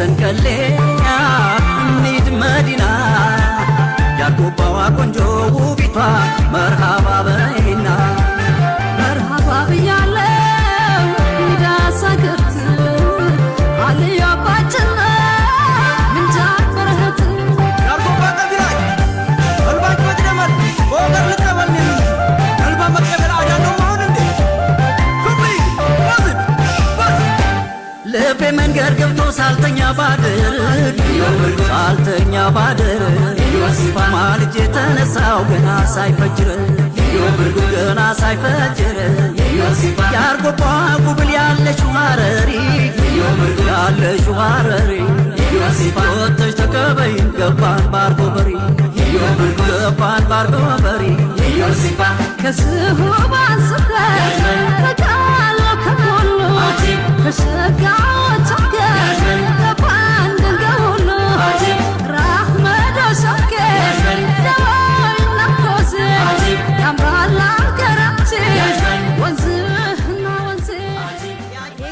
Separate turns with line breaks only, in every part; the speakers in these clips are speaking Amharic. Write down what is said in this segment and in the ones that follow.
ሰንቀሌኛ እንሂድ መዲና ያልጎባዋ ቆንጆ ውቢቷ መርሃባ በይ ልቤ መንገድ ገብቶ ሳልተኛ ባድር ሳልተኛ ባድር ማልጄ ተነሳው ገና ሳይፈጅር ገና ሳይፈጅር ጉብል ያለችው ሀረሪ ያለችው ሀረሪ ገባን ባርጎ በሪ ገባን ባርጎ በሪ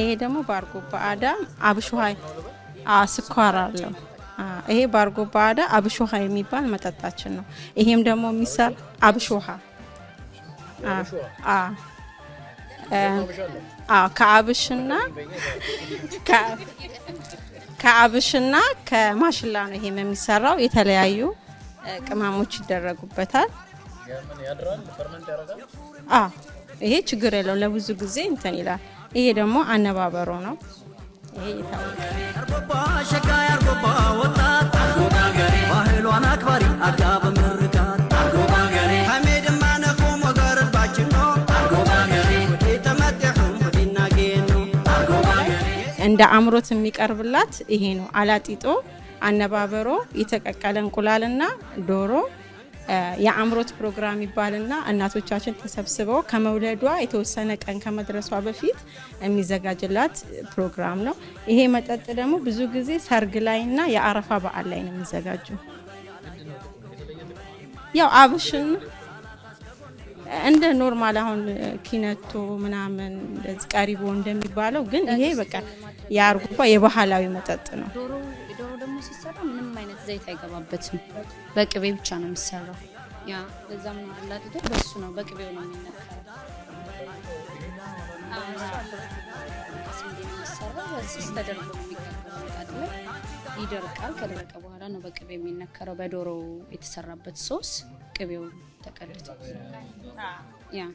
ይሄ ደግሞ ባርጎባ አዳ አብሽ ስኳር አለው። ይሄ ባርጎባ አዳ አብሽ የሚባል መጠጣችን ነው። ይሄም ደግሞ የሚሰራ አብሽ ከአብሽና ከአብሽና ከማሽላ ነው። ይሄም የሚሰራው የተለያዩ ቅመሞች ይደረጉበታል። ይሄ ችግር የለው ለብዙ ጊዜ እንትን ይላል። ይሄ ደግሞ አነባበሮ ነው። ይሄ እንደ አምሮት የሚቀርብላት ይሄ ነው። አላጢጦ አነባበሮ የተቀቀለ እንቁላልና ዶሮ የአእምሮት ፕሮግራም ይባልና እናቶቻችን ተሰብስበው ከመውለዷ የተወሰነ ቀን ከመድረሷ በፊት የሚዘጋጅላት ፕሮግራም ነው። ይሄ መጠጥ ደግሞ ብዙ ጊዜ ሰርግ ላይና የአረፋ በዓል ላይ ነው የሚዘጋጁ። ያው አብሽን እንደ ኖርማል አሁን ኪነቶ ምናምን እንደዚህ ቀሪቦ እንደሚባለው፣ ግን ይሄ በቃ የአርጎባ የባህላዊ መጠጥ ነው።
ሲሰራ ምንም አይነት ዘይት አይገባበትም። በቅቤ ብቻ ነው የሚሰራው። ያ ለዛም ነው አላጥቶ በሱ ነው በቅቤው ነው የሚነከረው። ይደርቃል። ከደረቀ በኋላ ነው በቅቤ የሚነከረው። በዶሮ የተሰራበት ሶስ ቅቤው ተቀድቶ ያ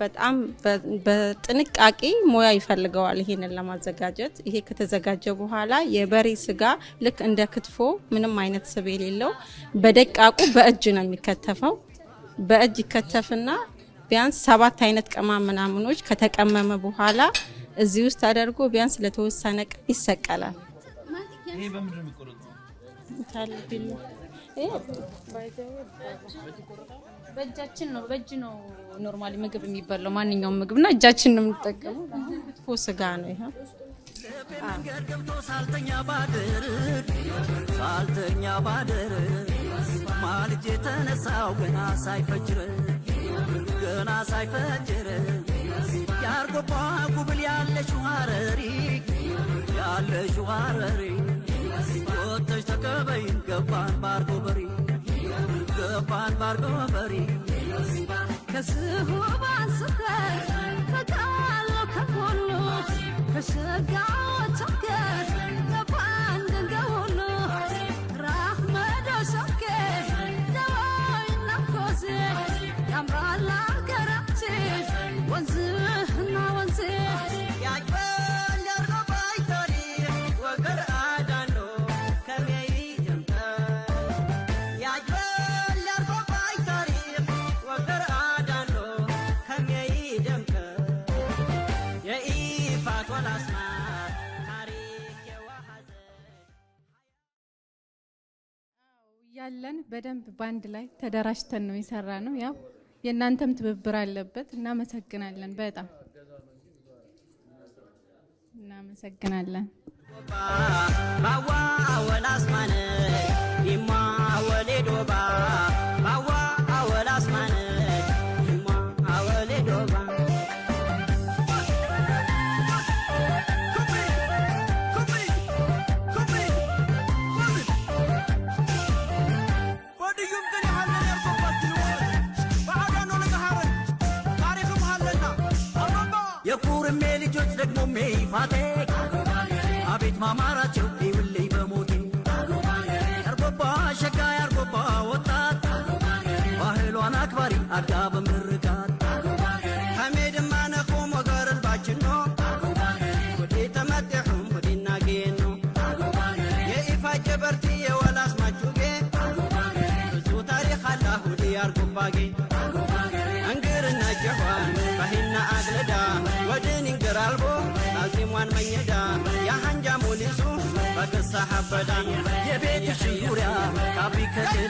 በጣም በጥንቃቄ ሙያ ይፈልገዋል። ይሄንን ለማዘጋጀት ይሄ ከተዘጋጀ በኋላ የበሬ ስጋ ልክ እንደ ክትፎ ምንም አይነት ስብ የሌለው በደቃቁ በእጅ ነው የሚከተፈው። በእጅ ይከተፍና ቢያንስ ሰባት አይነት ቅመም ምናምኖች ከተቀመመ በኋላ እዚህ ውስጥ ተደርጎ ቢያንስ ለተወሰነ ቀን ይሰቀላል። ታልብኝ
በእጃችን ነው በእጅ ነው ኖርማሊ ምግብ የሚበላው ማንኛውም ምግብ እና እጃችን ነው የምንጠቀመው። ክትፎ ስጋ ነው ይሄ መንገድ ገብቶ ሳልተኛ ባድር ሳልተኛ ባድር ማልጄ ተነሳው ገና ሳይፈጅር ገና ሳይፈጅር ያርጎባ ጉብል ያለሽው ሀረሪ ያለሽው ሀረሪ ሰምተሽ ተቀበይን ገባን ባርጎ በሪ ገባን ባርጎ በሪ ከስሁ ባንስተሽ ከቃሉ ከሞሉ ከሸጋዎች ገ
ያለን በደንብ ባንድ ላይ ተደራጅተን ነው የሰራ ነው። ያው የእናንተም ትብብር አለበት። እናመሰግናለን። በጣም እናመሰግናለን። የቁርሜ ልጆች ደግሞ ሜይፋቴ አቤት ማማራቸው ይውልይ በሞቴ ያርጎባ ሸጋ ያርጎባ ወጣት ባህሏን አክባሪ አድጋ በምርቃት ሐሜድማ ነኾም ወገርልባችኖ ወዴ ተመጤሑም ወዴና ጌን ጌኖ የኢፋ ጀበርቲ የወላስ ማጩጌ ብዙ ታሪክ አላሁ ዲ አርጎባጌ እንግርና ጀኋን ሻሂና አግለዳ ወድን እንግራልቦ አልጢሟን መኘዳ የሐንጃ ሙሊሱ በክሳ ሐበዳ የቤትሽ ዙሪያ ካቢ ከድል